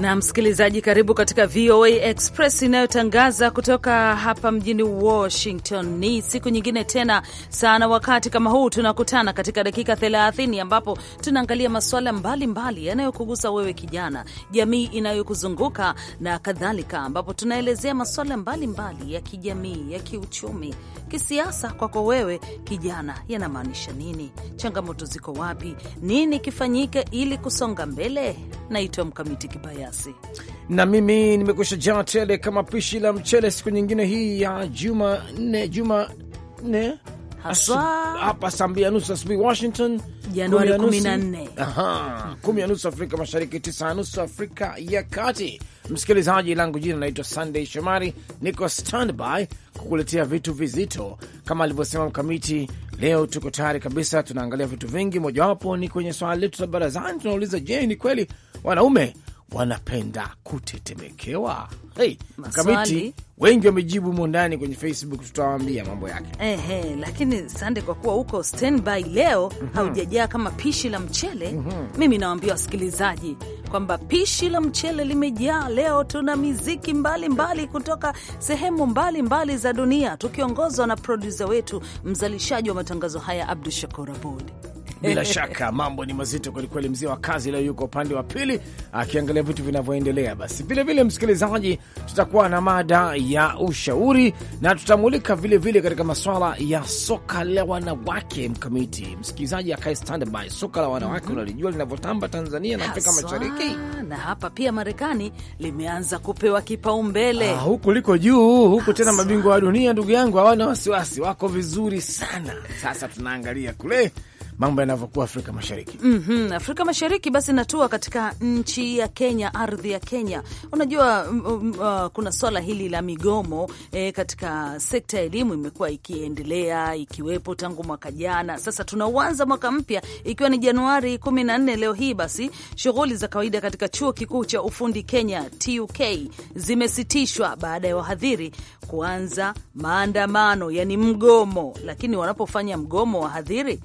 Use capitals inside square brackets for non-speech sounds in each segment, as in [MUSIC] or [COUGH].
na msikilizaji, karibu katika VOA Express inayotangaza kutoka hapa mjini Washington. Ni siku nyingine tena sana, wakati kama huu tunakutana katika dakika 30 ambapo tunaangalia masuala mbalimbali yanayokugusa wewe kijana, jamii inayokuzunguka na kadhalika, ambapo tunaelezea masuala mbalimbali ya kijamii, ya kiuchumi, kisiasa. Kwako wewe kijana, yanamaanisha nini? Changamoto ziko wapi? Nini kifanyike ili kusonga mbele? Naitwa Mkamiti Kibaya. Kibayasi na mimi nimekusha jaa tele kama pishi la mchele, siku nyingine hii ya juma nne juma nne hapa saa mbili na nusu asubuhi Washington, Januari kumi na nne kumi na nusu Afrika Mashariki, tisa na nusu Afrika ya Kati. Msikilizaji langu jina naitwa Sunday Shomari, niko standby kukuletea vitu vizito kama alivyosema Mkamiti. Leo tuko tayari kabisa, tunaangalia vitu vingi, mojawapo ni kwenye swala letu la barazani. Tunauliza, je, ni kweli wanaume wanapenda kutetemekewa. Hey, Kamiti, wengi wamejibu humo ndani kwenye Facebook, tutawaambia mambo yake. Ehe, lakini sande, kwa kuwa huko standby leo mm -hmm. haujajaa kama pishi la mchele mm -hmm. mimi nawaambia wasikilizaji kwamba pishi la mchele limejaa leo. Tuna miziki mbalimbali mbali kutoka sehemu mbalimbali mbali za dunia, tukiongozwa na produsa wetu mzalishaji wa matangazo haya Abdu Shakur Abud bila shaka mambo ni mazito kwelikweli. Mzee wa kazi leo yuko upande wa pili akiangalia vitu vinavyoendelea. Basi vilevile, msikilizaji, tutakuwa na mada ya ushauri na tutamulika vilevile katika masuala ya soka la wanawake. Mkamiti msikilizaji akae standby, soka la wanawake mm -hmm. unalijua linavyotamba Tanzania na Afrika Mashariki na hapa pia Marekani limeanza kupewa kipaumbele. Ah, huku liko juu huku tena, mabingwa wa dunia ndugu yangu hawana wasiwasi, wako vizuri sana. Sasa tunaangalia kule mambo yanavyokuwa Afrika Mashariki. mm -hmm. Afrika Mashariki basi natua katika nchi ya Kenya, ardhi ya Kenya. Unajua um, uh, kuna swala hili la migomo eh, katika sekta ya elimu imekuwa ikiendelea ikiwepo tangu mwaka jana. Sasa tunauanza mwaka mpya ikiwa ni Januari 14 leo hii, basi shughuli za kawaida katika chuo kikuu cha ufundi Kenya TUK zimesitishwa baada ya wahadhiri kuanza maandamano, yani mgomo. Lakini wanapofanya mgomo wahadhiri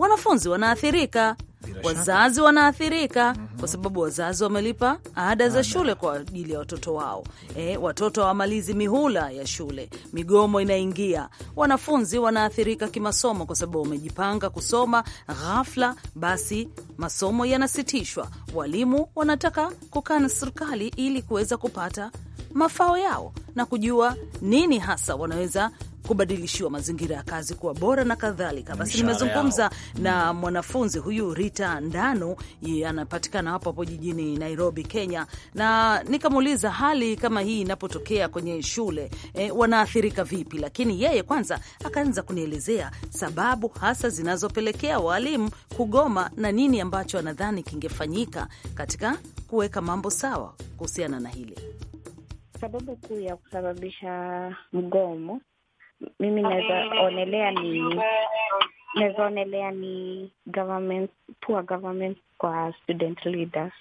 wanafunzi wanaathirika, wazazi wanaathirika mm -hmm. kwa sababu wazazi wamelipa ada za shule kwa ajili ya watoto wao. E, watoto hawamalizi mihula ya shule, migomo inaingia. Wanafunzi wanaathirika kimasomo kwa sababu wamejipanga kusoma, ghafla basi masomo yanasitishwa. Walimu wanataka kukaa na serikali ili kuweza kupata mafao yao na kujua nini hasa wanaweza kubadilishiwa mazingira ya kazi kuwa bora na kadhalika. Basi nimezungumza mm. na mwanafunzi huyu Rita Ndano, anapatikana hapo hapo jijini Nairobi, Kenya, na nikamuuliza hali kama hii inapotokea kwenye shule e, wanaathirika vipi? Lakini yeye kwanza akaanza kunielezea sababu hasa zinazopelekea walimu kugoma na nini ambacho anadhani kingefanyika katika kuweka mambo sawa kuhusiana na hili. Sababu kuu ya kusababisha mgomo mimi naweza onelea ni naweza onelea ni government, poor government kwa student leaders.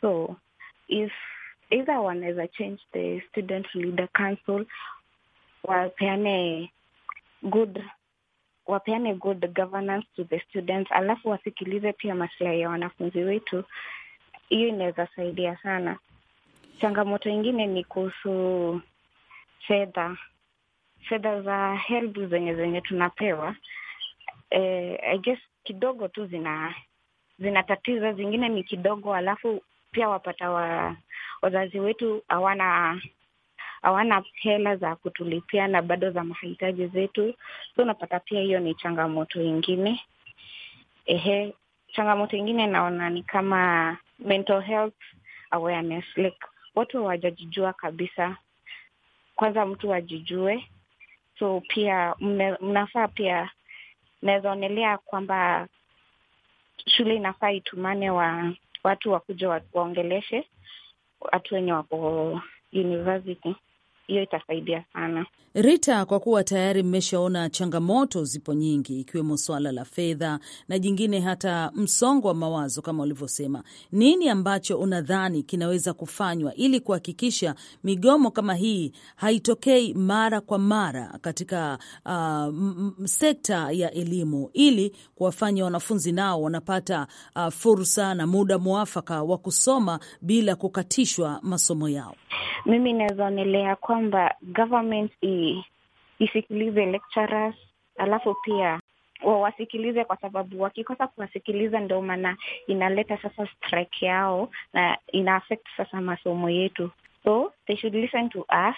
So if either wanaweza change the student leader council, wapeane good wapeane good governance to the students, alafu wasikilize pia masilahi ya wanafunzi wetu. Hiyo inaweza saidia sana. Changamoto ingine ni kuhusu fedha fedha za HELB zenye zenye tunapewa eh, I guess kidogo tu zina zinatatiza, zingine ni kidogo, alafu pia wapata wa, wazazi wetu hawana hawana hela za kutulipia na bado za mahitaji zetu, so unapata pia hiyo ni changamoto ingine. Ehe, changamoto ingine naona ni kama mental health awareness, like watu hawajajijua kabisa. Kwanza mtu ajijue so pia mne, mnafaa pia nawezaonelea kwamba shule inafaa itumane wa watu wakuja waongeleshe watu wenye wako university hiyo itasaidia sana. Rita, kwa kuwa tayari mmeshaona changamoto zipo nyingi, ikiwemo swala la fedha na jingine hata msongo wa mawazo kama ulivyosema, nini ambacho unadhani kinaweza kufanywa ili kuhakikisha migomo kama hii haitokei mara kwa mara katika uh, sekta ya elimu ili kuwafanya wanafunzi nao wanapata uh, fursa na muda mwafaka wa kusoma bila kukatishwa masomo yao? Mimi naweza onelea kwa kwamba government isikilize lecturers, alafu pia wawasikilize kwa sababu wakikosa kuwasikiliza ndo maana inaleta sasa strike yao na ina affect sasa masomo yetu, so they should listen to us,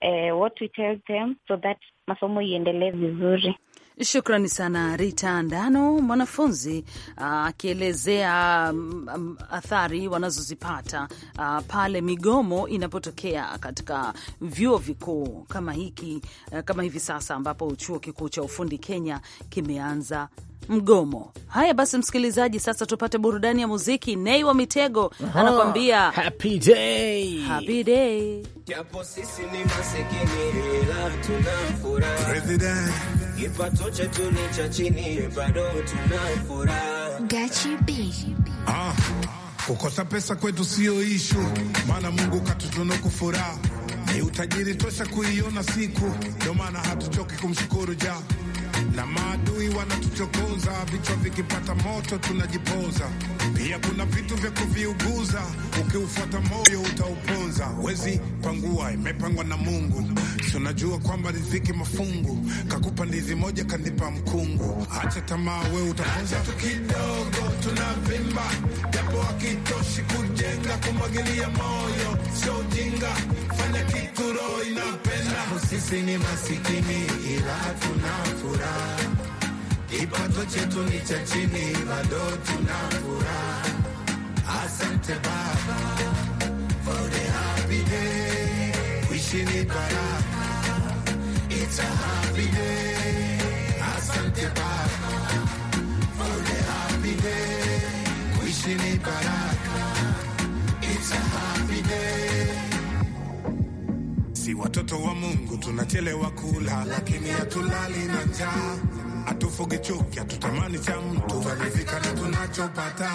eh, what we tell them so that masomo iendelee vizuri. Shukrani sana Rita Ndano, mwanafunzi uh, akielezea um, um, athari wanazozipata uh, pale migomo inapotokea katika vyuo vikuu kama hiki a, uh, kama hivi sasa ambapo chuo kikuu cha ufundi Kenya kimeanza mgomo. Haya basi, msikilizaji, sasa tupate burudani ya muziki. Nei wa Mitego anakuambia happy day, happy day. Japo sisi ni masikini ila tuna furaha Kipato chetu ni cha chini, bado tuna furaha. Ah, kukosa pesa kwetu sio ishu, maana Mungu katutunuku furaha ni utajiri tosha kuiona siku, ndio maana hatuchoki kumshukuru ja na maadui wanatuchokoza, vichwa vikipata moto tunajipoza. Pia kuna vitu vya kuviuguza, ukiufuata moyo utauponza. Wezi pangua, imepangwa na Mungu kesho. Najua kwamba riziki mafungu, kakupa ndizi moja kanipa mkungu. Hacha tamaa, wewe utafunza tu kidogo, tunavimba japo hakitoshi kujenga. Kumwagilia moyo sio ujinga, fanya kitu roho inapenda. Sisi ni masikini ila hatuna furaha, kipato chetu ni cha chini, bado tuna furaha. Asante Baba for the happy day. Kuishi ni baraka Si watoto wa Mungu tunachelewa kula, lakini hatulali na njaa, hatufugi chuki, hatutamani cha mtu, tutalivika na tunachopata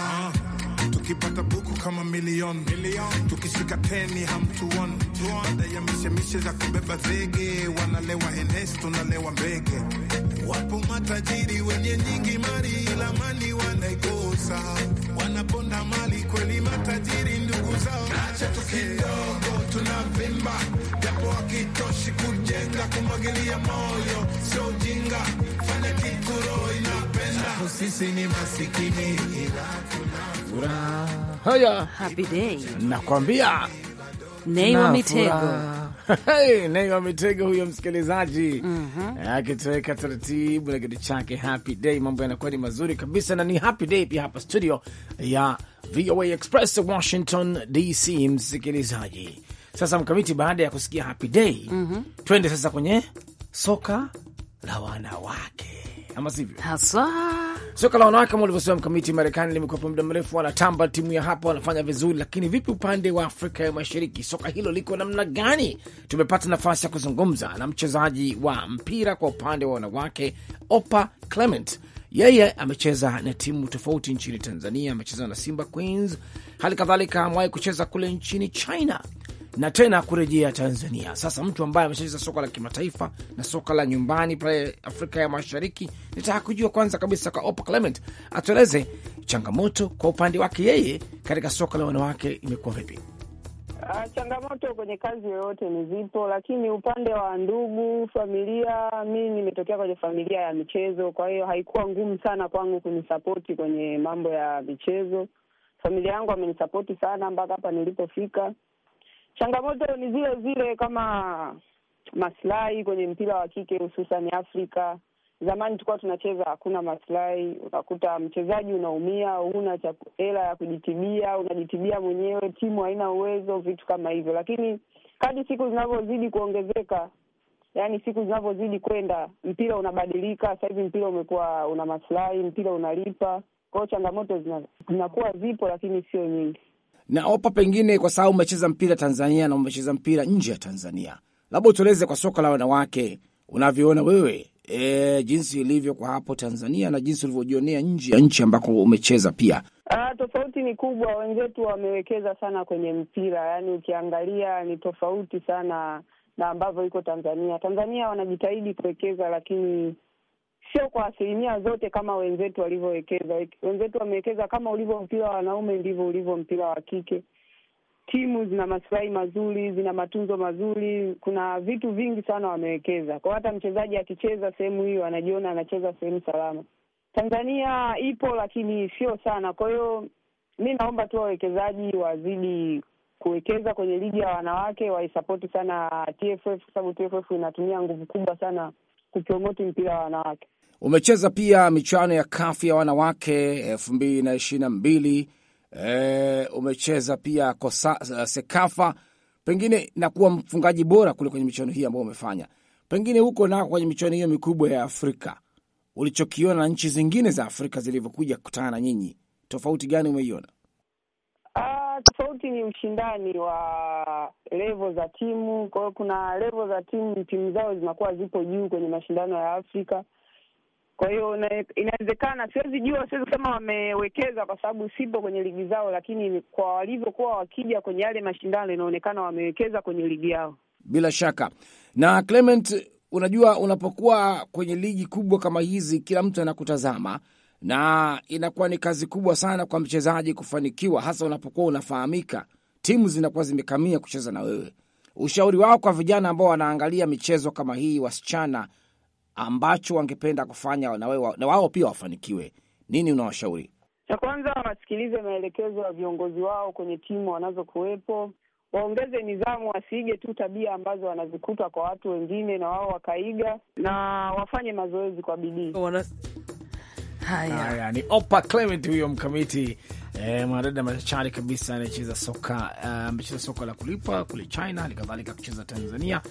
tukipata buku kama milioni milioni, tukishika peni hamtuoni. Baada ya mishe za kubeba zege, wanalewa enes, tunalewa mbege. Wapo matajiri wenye nyingi mali, ila mali wanaikosa, wanaponda mali kweli matajiri nguvu zao, acha tu kidogo tunavimba, japo hakitoshi kujenga. Kumwagilia moyo sio ujinga, fanya kitu roho inapenda. Sisi ni masikini ila tuna Haya, happy day nakwambia, Nay wa Mitego Hey, Nay Mitego huyo msikilizaji mhm. eh, akitoweka mm -hmm. taratibu na kitu chake happy day, mambo yanakuwa ni mazuri kabisa, na ni happy day pia hapa studio ya VOA Express Washington DC. Msikilizaji, sasa mkamiti, baada ya kusikia happy day mm -hmm. twende sasa kwenye soka la wanawake ama sivyo? Hasa soka la wanawake kama ulivyosema mkamiti, Marekani limekuwepo muda mrefu, wanatamba timu ya hapa, wanafanya vizuri, lakini vipi upande wa Afrika ya Mashariki, soka hilo liko namna gani? Tumepata nafasi ya kuzungumza na mchezaji wa mpira kwa upande wa wanawake Opa Clement. Yeye amecheza na timu tofauti nchini Tanzania, amecheza na Simba Queens, hali kadhalika amewahi kucheza kule nchini China na tena kurejea Tanzania. Sasa mtu ambaye ameshacheza soka la kimataifa na soka la nyumbani pale Afrika ya Mashariki, nitaka kujua kwanza kabisa kwa Opa Clement atueleze changamoto kwa upande wake yeye katika soka la wanawake imekuwa vipi? Uh, changamoto kwenye kazi yoyote ni zipo, lakini upande wa ndugu, familia, mi nimetokea kwenye familia ya michezo, kwa hiyo haikuwa ngumu sana kwangu kunisapoti kwenye mambo ya michezo. Familia yangu amenisapoti sana mpaka hapa nilipofika. Changamoto ni zile zile kama maslahi kwenye mpira wa kike hususan Afrika. Zamani tulikuwa tunacheza hakuna maslahi, unakuta mchezaji unaumia, huna hela ya kujitibia, unajitibia mwenyewe, timu haina uwezo, vitu kama hivyo. Lakini kadi siku zinavyozidi kuongezeka, yani siku zinavyozidi kwenda, mpira unabadilika. Sasa hivi mpira umekuwa una maslahi, mpira unalipa. Kwa hiyo changamoto zinakuwa zipo, lakini sio nyingi naopa pengine kwa sababu umecheza mpira Tanzania na umecheza mpira nje ya Tanzania, labda utueleze kwa soka la wanawake unavyoona wewe e, jinsi ilivyo kwa hapo Tanzania na jinsi ulivyojionea nje ya nchi ambako umecheza pia. Uh, tofauti ni kubwa. Wenzetu wamewekeza sana kwenye mpira, yaani ukiangalia ni tofauti sana na ambavyo iko Tanzania. Tanzania wanajitahidi kuwekeza, lakini sio kwa asilimia zote kama wenzetu walivyowekeza. Wenzetu wamewekeza kama ulivyo mpira wa wanaume ndivyo ulivyo mpira wa kike. Timu zina masilahi mazuri, zina matunzo mazuri, kuna vitu vingi sana wamewekeza kwao. Hata mchezaji akicheza sehemu hiyo anajiona anacheza sehemu salama. Tanzania ipo lakini sio sana. Kwa hiyo mi naomba tu wawekezaji wazidi kuwekeza kwenye ligi ya wanawake, waisapoti sana TFF kwa sababu TFF inatumia nguvu kubwa sana kupromoti mpira wa wanawake. Umecheza pia michuano ya kafu ya wanawake elfu mbili na ishirini na mbili e, umecheza pia kosa, eh, Sekafa pengine na kuwa mfungaji bora kule kwenye michuano hii ambayo umefanya pengine huko nako kwenye michuano hiyo mikubwa ya Afrika ulichokiona na nchi zingine za Afrika zilivyokuja kukutana na nyinyi, tofauti gani umeiona? Uh, tofauti ni ushindani wa levo za timu. Kwa hiyo kuna levo za timu, timu zao zinakuwa zipo juu kwenye mashindano ya Afrika kwa hiyo inawezekana, siwezi jua, siwezi kama wamewekeza kwa sababu sipo kwenye ligi zao, lakini kwa walivyokuwa wakija kwenye yale mashindano inaonekana wamewekeza kwenye ligi yao bila shaka. Na Clement, unajua unapokuwa kwenye ligi kubwa kama hizi, kila mtu anakutazama na inakuwa ni kazi kubwa sana kwa mchezaji kufanikiwa, hasa unapokuwa unafahamika, timu zinakuwa zimekamia kucheza na wewe. Ushauri wao kwa vijana ambao wanaangalia michezo kama hii, wasichana ambacho wangependa kufanya na wao pia wafanikiwe, nini unawashauri? Cha kwanza wasikilize maelekezo ya viongozi wao kwenye timu wanazokuwepo, waongeze nidhamu, wasiige tu tabia ambazo wanazikuta kwa watu wengine na wao wakaiga, na wafanye mazoezi kwa bidii. Haya, haya ni Opa Clement huyo mkamiti eh, mwanadada machari kabisa anayecheza soka eh, amecheza uh, soka la kulipa kule China, halikadhalika kucheza Tanzania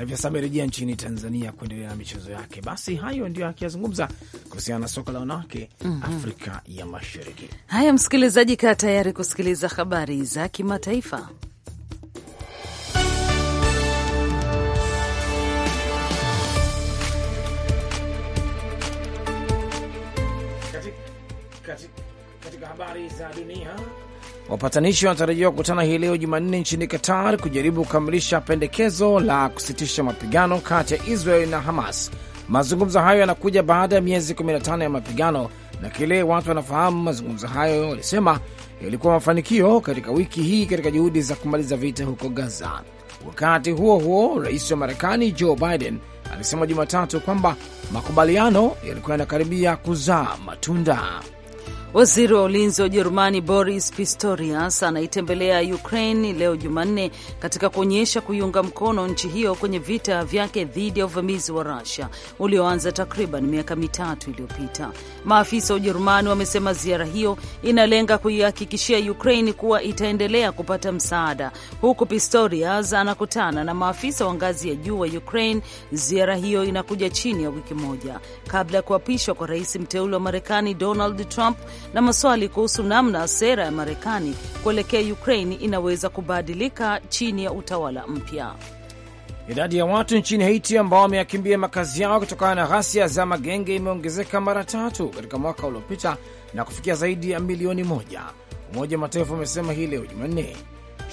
hivi sasa amerejea nchini Tanzania kuendelea na michezo yake. Basi hayo ndio akiyazungumza kuhusiana na soka la wanawake mm -hmm. Afrika ya Mashariki. Haya, msikilizaji, kaa tayari kusikiliza habari za kimataifa. Wapatanishi wanatarajiwa kukutana hii leo Jumanne nchini Qatar kujaribu kukamilisha pendekezo la kusitisha mapigano kati ya Israel na Hamas. Mazungumzo hayo yanakuja baada ya miezi 15 ya mapigano na kile watu wanafahamu mazungumzo hayo walisema yalikuwa mafanikio katika wiki hii katika juhudi za kumaliza vita huko Gaza. Wakati huo huo, rais wa Marekani Joe Biden alisema Jumatatu kwamba makubaliano yalikuwa yanakaribia kuzaa matunda. Waziri wa ulinzi wa Ujerumani Boris Pistorius anaitembelea Ukraine leo Jumanne katika kuonyesha kuiunga mkono nchi hiyo kwenye vita vyake dhidi ya uvamizi wa Rusia ulioanza takriban miaka mitatu iliyopita. Maafisa wa Ujerumani wamesema ziara hiyo inalenga kuihakikishia Ukraine kuwa itaendelea kupata msaada, huku Pistorius anakutana na maafisa wa ngazi ya juu wa Ukraine. Ziara hiyo inakuja chini ya wiki moja kabla ya kuapishwa kwa rais mteule wa Marekani Donald Trump na maswali kuhusu namna sera ya Marekani kuelekea Ukraine inaweza kubadilika chini ya utawala mpya. Idadi ya watu nchini Haiti ambao wameyakimbia makazi yao kutokana na ghasia za magenge imeongezeka mara tatu katika mwaka uliopita na kufikia zaidi ya milioni moja, Umoja wa Mataifa umesema hii leo Jumanne.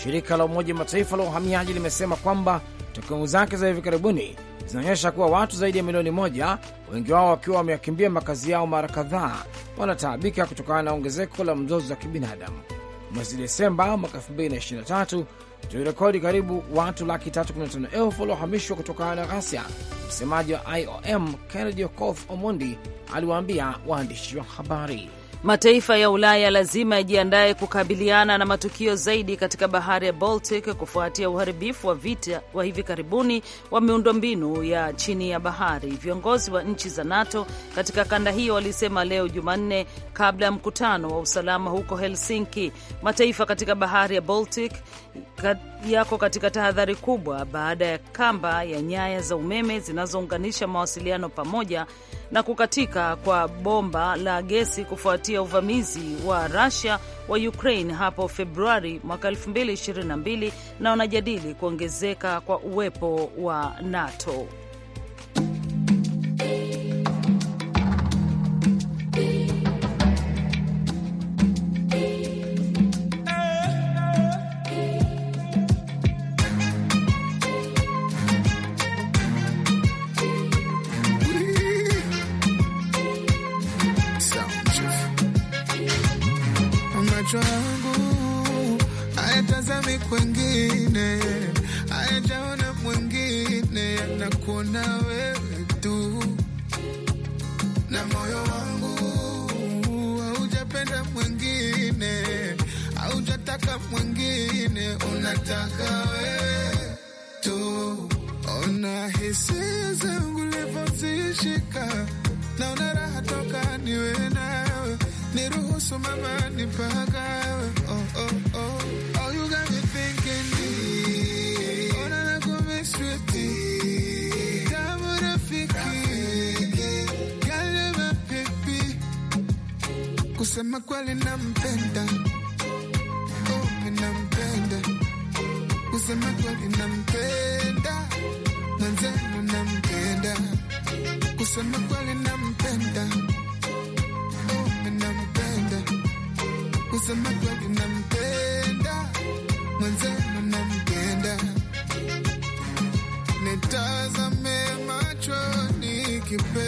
Shirika la Umoja wa Mataifa la uhamiaji limesema kwamba takwimu zake za hivi karibuni zinaonyesha kuwa watu zaidi ya milioni moja, wengi wao wakiwa wameyakimbia makazi yao mara kadhaa, wanataabika kutokana na ongezeko la mzozo za kibinadamu. Mwezi Desemba mwaka 2023 tulirekodi karibu watu laki 315 waliohamishwa kutokana na ghasia. Msemaji wa IOM Kennedy Okof Omondi aliwaambia waandishi wa habari. Mataifa ya Ulaya lazima yajiandaye kukabiliana na matukio zaidi katika bahari ya Baltic kufuatia uharibifu wa vita wa hivi karibuni wa miundombinu ya chini ya bahari. Viongozi wa nchi za NATO katika kanda hiyo walisema leo Jumanne, kabla ya mkutano wa usalama huko Helsinki. Mataifa katika bahari ya Baltic yako katika tahadhari kubwa baada ya kamba ya nyaya za umeme zinazounganisha mawasiliano pamoja na kukatika kwa bomba la gesi kufuatia uvamizi wa Russia wa Ukraine hapo Februari mwaka 2022 na wanajadili kuongezeka kwa uwepo wa NATO. Kusema kweli nampenda, oh, nampenda. Kusema kweli nampenda, mwenzenu nampenda. Kusema kweli nampenda, oh, nampenda. Kusema kweli nampenda, mwenzenu nampenda. Nitazame machoni kipe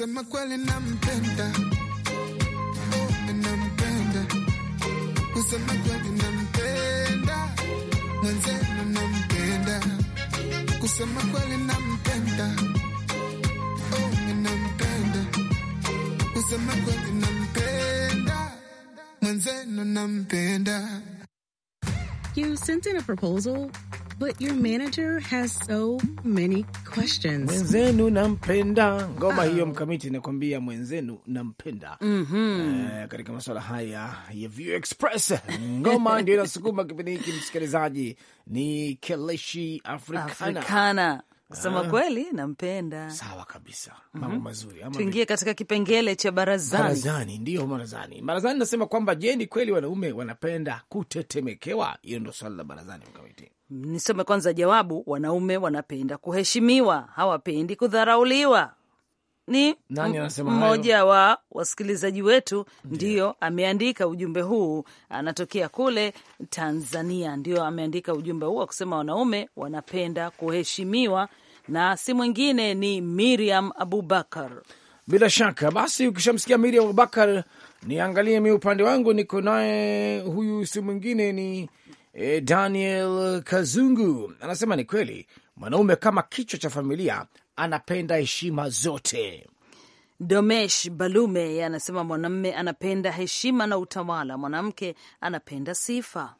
kusema kweli nampenda, nampenda, kusema kweli nampenda, mwenzenu oh, nampenda, kusema kweli nampenda, nampenda, kusema kweli nampenda, mwenzenu nampenda. You sent in a proposal But your manager has so many questions. Mwenzenu nampenda ngoma ah. Hiyo mkamiti inakwambia mwenzenu nampenda mm -hmm. E, katika masuala haya ya View Express ngoma ndio inasukuma kipindi hiki msikilizaji, ni Keleshi Africana, Africana. Kusema ah. kweli nampenda. Sawa kabisa, mhm. mambo mm -hmm. mazuri. Ama tuingie katika kipengele cha barazani. Barazani ndiyo, barazani. Barazani nasema kwamba je, ni kweli wanaume wanapenda kutetemekewa? Hiyo ndo swali la barazani mkamiti. Nisome kwanza jawabu. Wanaume wanapenda kuheshimiwa, hawapendi kudharauliwa ni mmoja wa wasikilizaji wetu ndio ameandika ujumbe huu, anatokea kule Tanzania, ndio ameandika ujumbe huu akusema wanaume wanapenda kuheshimiwa, na si mwingine ni Miriam Abubakar. Bila shaka basi, ukishamsikia Miriam Abubakar, niangalie mi upande wangu, niko naye huyu, si mwingine ni e, Daniel Kazungu anasema ni kweli mwanaume kama kichwa cha familia anapenda heshima zote. Domesh Balume anasema mwanamme anapenda heshima na utawala, mwanamke anapenda sifa.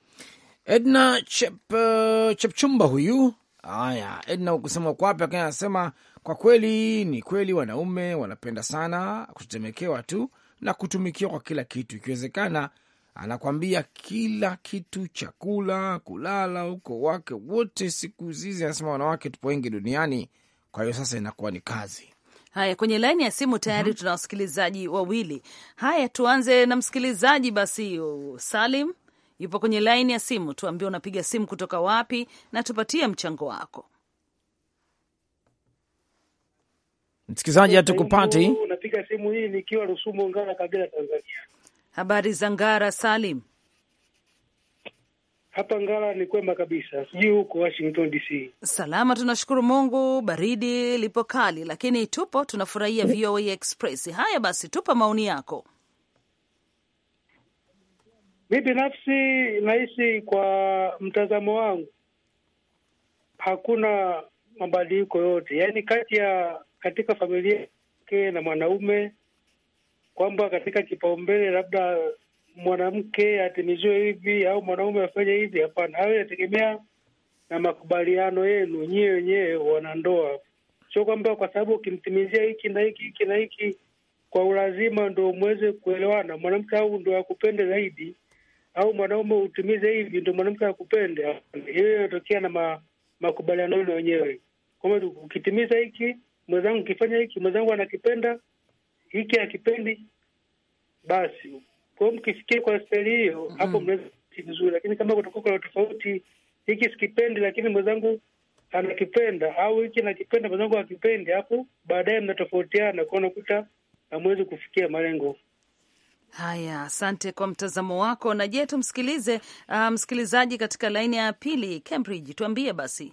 Edna Chep, uh, Chepchumba huyu aya Edna ukusema kwapi, lakini anasema kwa kweli ni kweli, wanaume wanapenda sana kutetemekewa tu na kutumikiwa kwa kila kitu, ikiwezekana anakwambia kila kitu, chakula, kulala, uko wake wote siku zizi Anasema wanawake tupo wengi duniani kwa hiyo sasa inakuwa ni kazi. Haya, kwenye laini ya simu tayari mm -hmm. tuna wasikilizaji wawili. Haya, tuanze na msikilizaji basi. Salim yupo kwenye laini ya simu, tuambie unapiga simu kutoka wapi na tupatie mchango wako. Msikilizaji hatukupati. Unapiga simu hii nikiwa Rusumo, Ngara, Kagera, Tanzania. Habari za Ngara, Salim? Hapa ngala ni kwema kabisa, sijui huko Washington DC. Salama, tunashukuru Mungu. Baridi lipo kali, lakini tupo tunafurahia VOA Express. Haya basi, tupa maoni yako. Mi binafsi nahisi kwa mtazamo wangu hakuna mabadiliko yote, yaani kati ya katika familia yake na mwanaume, kwamba katika kipaumbele labda mwanamke atimiziwe hivi au mwanaume afanye hivi. Hapana, hayo inategemea na makubaliano yenu nyie wenyewe wanandoa, sio kwamba kwa sababu ukimtimizia hiki na hiki hiki na hiki kwa ulazima ndo mweze kuelewana, mwanamke au ndo akupende zaidi au mwanaume utimize hivi ndo mwanamke akupende. Hiyo inatokea na ma, makubaliano yenu wenyewe, kwamba ukitimiza hiki mwenzangu, ukifanya hiki mwenzangu anakipenda hiki, akipendi basi kwa hiyo mkifikia kwa staili hiyo mm-hmm. hapo mnaweza vizuri, lakini kama kutakuwa kuna tofauti, hiki sikipendi, lakini mwenzangu anakipenda au hiki nakipenda, mwenzangu akipendi hapo baadaye mnatofautiana kwa unakuta hamwezi kufikia malengo. Haya, asante kwa mtazamo wako. Na je, tumsikilize uh, msikilizaji katika laini ya pili Cambridge, tuambie basi.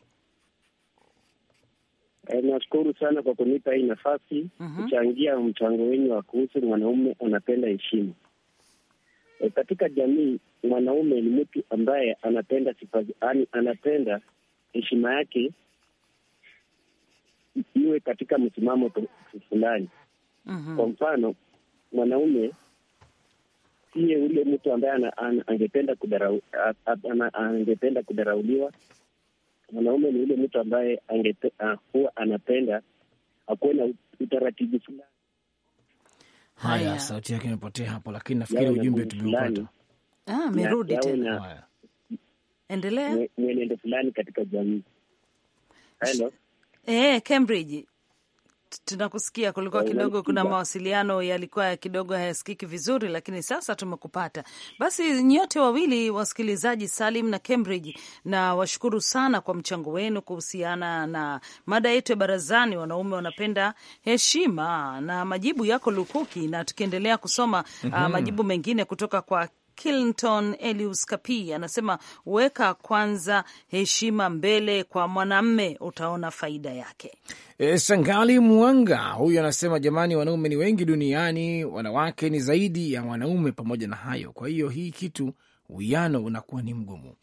E, nashukuru sana kwa kunipa hii nafasi mhm. kuchangia mchango wenyu wa kuhusu mwanaume unapenda heshima. E, katika jamii mwanaume ni mtu ambaye anapenda sifa, anapenda heshima yake iwe katika msimamo fulani. Mhm. Kwa mfano mwanaume siye ule mtu ambaye ana, ana, angependa kudarau, ana, angependa kudarauliwa. Mwanaume ni ule mtu ambaye angepe, uh, huwa anapenda akuwe na utaratibu fulani Haya, sauti yake imepotea hapo, lakini nafikiri yaani ujumbe tumeupata. Ah, amerudi yaani tena. Endelea. Mwenendo fulani katika jamii. Hello. Eh, Cambridge tunakusikia. Kulikuwa kidogo kuna mawasiliano yalikuwa kidogo hayasikiki vizuri, lakini sasa tumekupata. Basi nyote wawili wasikilizaji, Salim na Cambridge, na washukuru sana kwa mchango wenu kuhusiana na mada yetu ya barazani, wanaume wanapenda heshima, na majibu yako lukuki, na tukiendelea kusoma mm -hmm. uh, mhm. majibu mengine kutoka kwa Clinton Elius Kapi anasema weka kwanza heshima mbele kwa mwanamme, utaona faida yake. E, Sangali Mwanga huyu anasema jamani, wanaume ni wengi duniani, wanawake ni zaidi ya wanaume. Pamoja na hayo, kwa hiyo hii kitu uwiano unakuwa ni mgumu.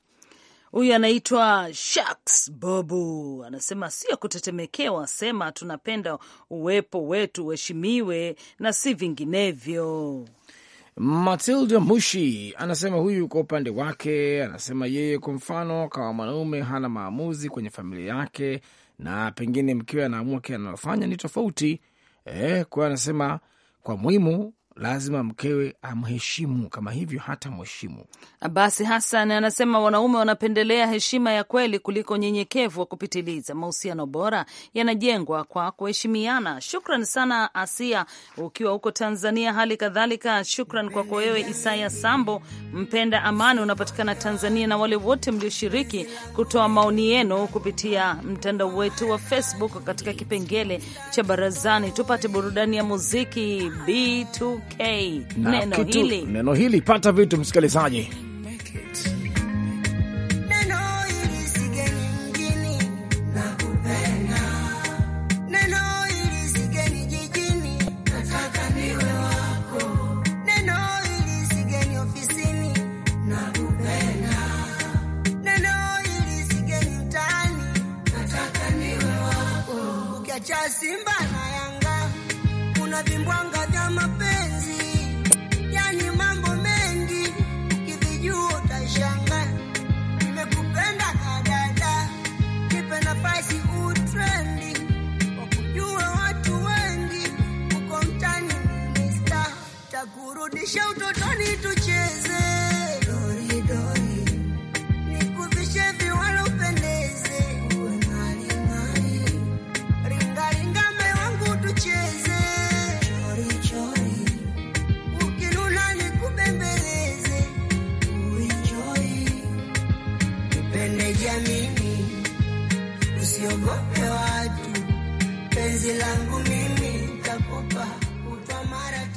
Huyu anaitwa Shaks Bobu anasema sio kutetemekewa, sema tunapenda uwepo wetu uheshimiwe na si vinginevyo. Matilda Mushi anasema huyu kwa upande wake, anasema yeye kwa mfano, kama mwanaume hana maamuzi kwenye familia yake na pengine mkiwe anaamua kile analofanya ni tofauti eh, kwa anasema kwa muhimu lazima mkewe amheshimu, kama hivyo hata mheshimu. basi Hassan anasema wanaume wanapendelea heshima ya kweli kuliko unyenyekevu wa kupitiliza. Mahusiano bora yanajengwa kwa kuheshimiana. Shukran sana Asia ukiwa huko Tanzania. Hali kadhalika shukran kwako wewe Isaya Sambo mpenda amani, unapatikana Tanzania, na wale wote mlioshiriki kutoa maoni yenu kupitia mtandao wetu wa Facebook katika kipengele cha barazani. Tupate burudani ya muziki b UK neno kitu, hili neno hili pata vitu msikilizaji Simba na Yanga kuna vimbwanga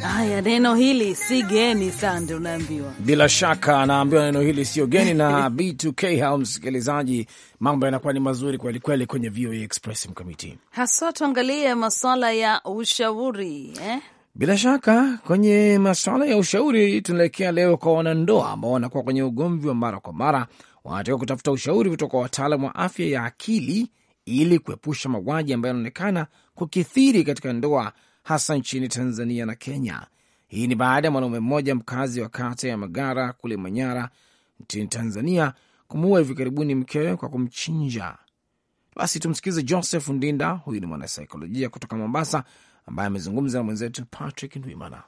Haya, neno hili si geni sande, unaambiwa bila shaka, anaambiwa neno hili sio geni na [LAUGHS] B2K hao, msikilizaji, mambo yanakuwa ni mazuri kwelikweli kwenye VOA Express mkamiti, haswa tuangalie maswala ya ushauri eh? Bila shaka kwenye masuala ya ushauri tunaelekea leo kwa wanandoa ambao wanakuwa kwenye ugomvi wa mara kwa mara, wanatakiwa kutafuta ushauri kutoka kwa wataalam wa afya ya akili ili kuepusha mauaji ambayo yanaonekana kukithiri katika ndoa hasa nchini Tanzania na Kenya. Hii ni baada ya mwanaume mmoja mkazi wa kata ya Magara kule Manyara nchini Tanzania kumuua hivi karibuni mkewe kwa kumchinja. Basi tumsikize Joseph Ndinda, huyu ni mwanasaikolojia kutoka Mombasa ambaye amezungumza na mwenzetu Patrick Ndwimana.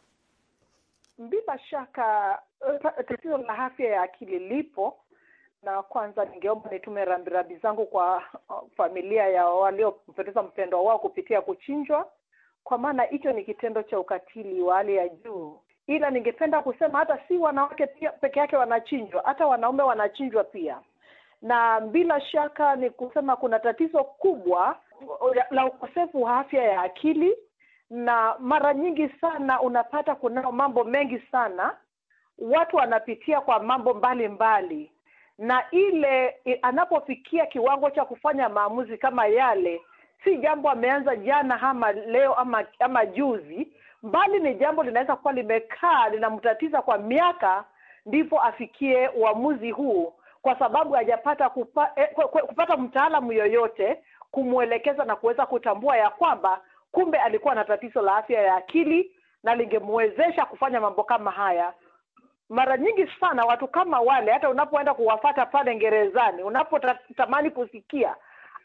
Bila shaka eh, tatizo la afya ya akili lipo, na kwanza ningeomba nitume rambirambi zangu kwa uh, familia ya waliopoteza mpendwa wao kupitia kuchinjwa kwa maana hicho ni kitendo cha ukatili wa hali ya juu. Ila ningependa kusema hata si wanawake pia peke yake wanachinjwa, hata wanaume wanachinjwa pia, na bila shaka ni kusema kuna tatizo kubwa la ukosefu wa afya ya akili, na mara nyingi sana unapata kunao mambo mengi sana watu wanapitia kwa mambo mbalimbali mbali. Na ile eh, anapofikia kiwango cha kufanya maamuzi kama yale si jambo ameanza jana ama leo ama ama juzi, mbali ni jambo linaweza kuwa limekaa linamtatiza kwa miaka, ndipo afikie uamuzi huu, kwa sababu hajapata kupa, eh, kupata mtaalamu yoyote kumwelekeza na kuweza kutambua ya kwamba kumbe alikuwa na tatizo la afya ya akili na lingemwezesha kufanya mambo kama haya. Mara nyingi sana watu kama wale, hata unapoenda kuwafata pale gerezani, unapotamani kusikia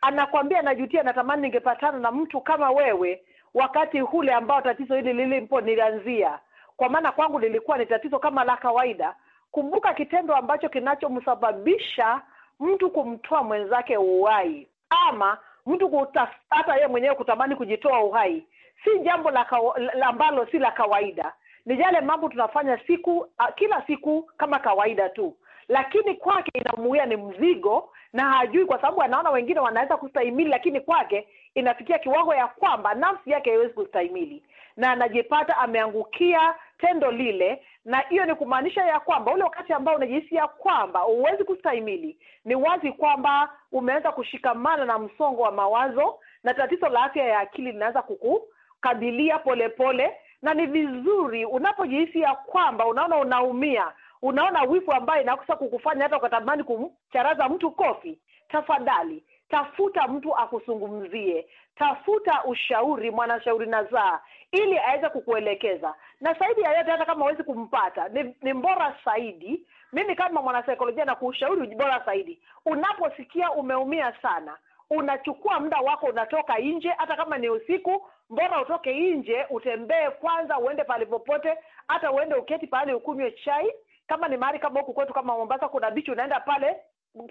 anakwambia najutia, natamani ningepatana na mtu kama wewe wakati hule ambao tatizo hili lilipo nilianzia, kwa maana kwangu lilikuwa ni tatizo kama la kawaida. Kumbuka kitendo ambacho kinachomsababisha mtu kumtoa mwenzake uhai ama mtu hata yeye mwenyewe kutamani kujitoa uhai si jambo la ambalo si la kawaida, ni yale mambo tunafanya siku a, kila siku kama kawaida tu, lakini kwake inamuia ni mzigo na hajui, kwa sababu anaona wengine wanaweza kustahimili, lakini kwake inafikia kiwango ya kwamba nafsi yake haiwezi kustahimili, na anajipata ameangukia tendo lile, na hiyo ni kumaanisha ya kwamba ule wakati ambao unajihisi ya kwamba huwezi kustahimili, ni wazi kwamba umeweza kushikamana na msongo wa mawazo na tatizo la afya ya akili linaweza kukukabilia polepole, na ni vizuri unapojihisi ya kwamba unaona unaumia unaona wivu ambayo inakosa kukufanya hata ukatamani kumcharaza mtu kofi tafadhali tafuta mtu akuzungumzie tafuta ushauri mwanashauri nazaa ili aweze kukuelekeza na zaidi ya yote hata kama awezi kumpata ni, ni mbora zaidi mimi kama mwanasaikolojia na kuushauri bora zaidi unaposikia umeumia sana unachukua muda wako unatoka nje hata kama ni usiku mbora utoke nje utembee kwanza uende pale popote hata uende uketi pahali ukunywe chai kama ni mahali kama huku kwetu kama Mombasa kuna bichi, unaenda pale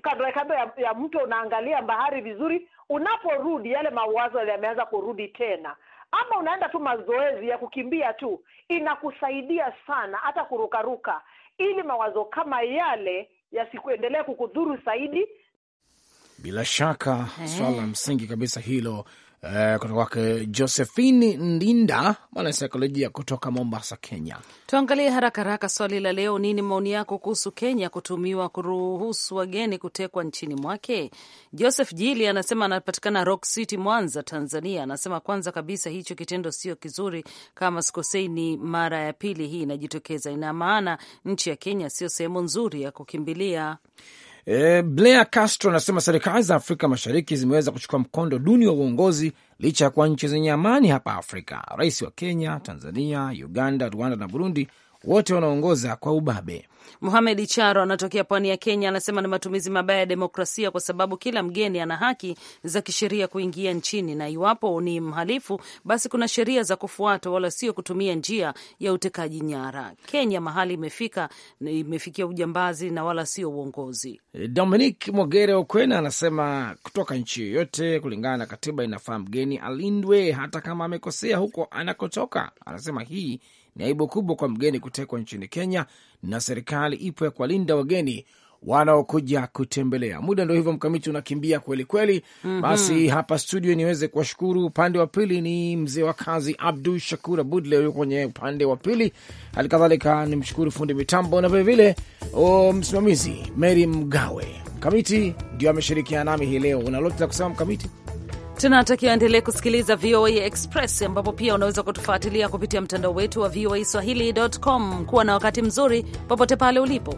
kando kando ya, ya mto unaangalia bahari vizuri, unaporudi yale mawazo yameanza kurudi tena ama unaenda tu mazoezi ya kukimbia tu, inakusaidia sana hata kurukaruka, ili mawazo kama yale yasikuendelea kukudhuru zaidi. Bila shaka swala la eh. msingi kabisa hilo Uh, kutoka kwake Josephine Ndinda, mwanasaikolojia kutoka Mombasa, Kenya. Tuangalie haraka haraka swali la leo, nini maoni yako kuhusu Kenya kutumiwa kuruhusu wageni kutekwa nchini mwake? Joseph Jili anasema, anapatikana Rock City, Mwanza, Tanzania. Anasema kwanza kabisa hicho kitendo sio kizuri, kama sikosei ni mara ya pili hii inajitokeza. Ina maana nchi ya Kenya sio sehemu nzuri ya kukimbilia. E, Blair Castro anasema serikali za Afrika Mashariki zimeweza kuchukua mkondo duni wa uongozi licha ya kuwa nchi zenye amani hapa Afrika. Rais wa Kenya, Tanzania, Uganda, Rwanda na Burundi wote wanaongoza kwa ubabe. Muhamed Charo anatokea pwani ya Kenya, anasema ni matumizi mabaya ya demokrasia, kwa sababu kila mgeni ana haki za kisheria kuingia nchini, na iwapo ni mhalifu, basi kuna sheria za kufuata, wala sio kutumia njia ya utekaji nyara. Kenya mahali imefika, imefikia ujambazi na wala sio uongozi. Dominic Mogere Okwena anasema kutoka nchi yoyote, kulingana na katiba, inafaa mgeni alindwe hata kama amekosea huko anakotoka. Anasema hii ni aibu kubwa kwa mgeni kutekwa nchini Kenya, na serikali ipo ya kuwalinda wageni wanaokuja kutembelea. Muda ndo hivyo, Mkamiti unakimbia kweli kweli. mm -hmm. Basi hapa studio niweze kuwashukuru. Upande wa pili ni mzee wa kazi Abdu Shakur Abud, leo kwenye upande wa pili. Hali kadhalika ni mshukuru fundi mitambo na vilevile msimamizi Mary Mgawe. Mkamiti ndio ameshirikiana nami hii leo. Unaloti la kusema Mkamiti? Tunatakiwa endelee kusikiliza VOA Express, ambapo pia unaweza kutufuatilia kupitia mtandao wetu wa VOA Swahili.com. Kuwa na wakati mzuri popote pale ulipo.